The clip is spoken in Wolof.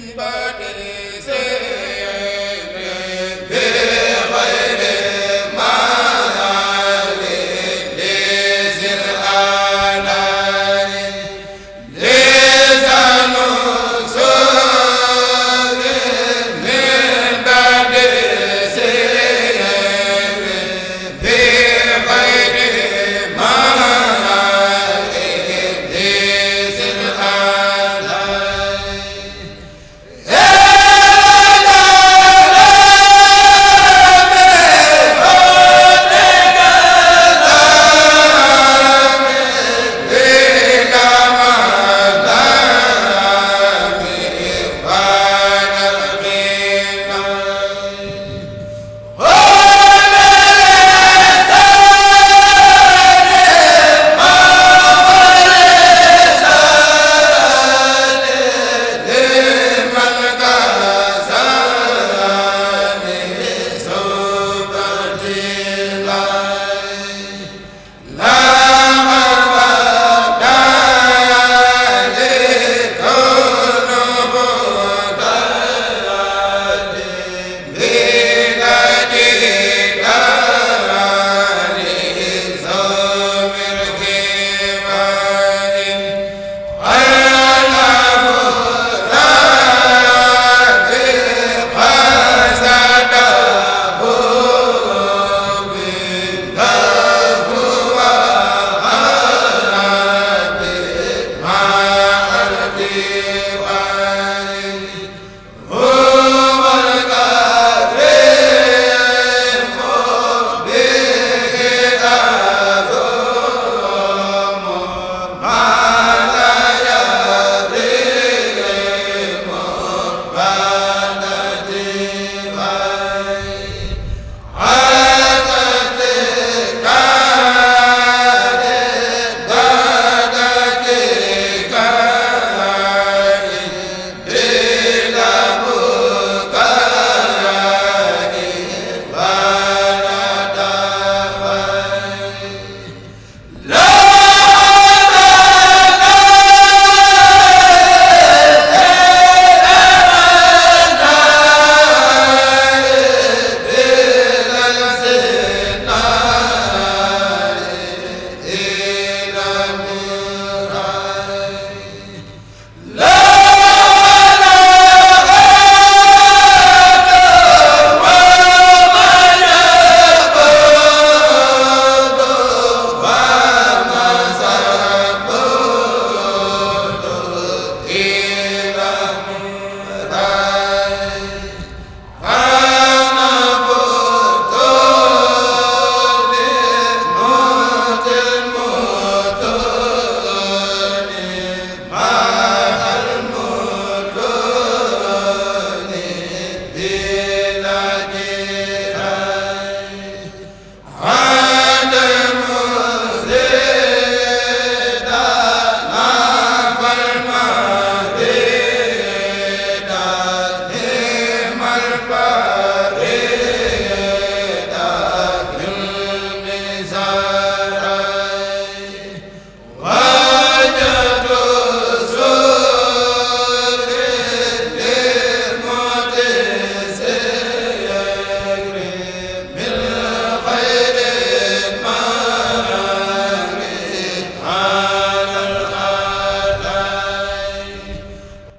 ba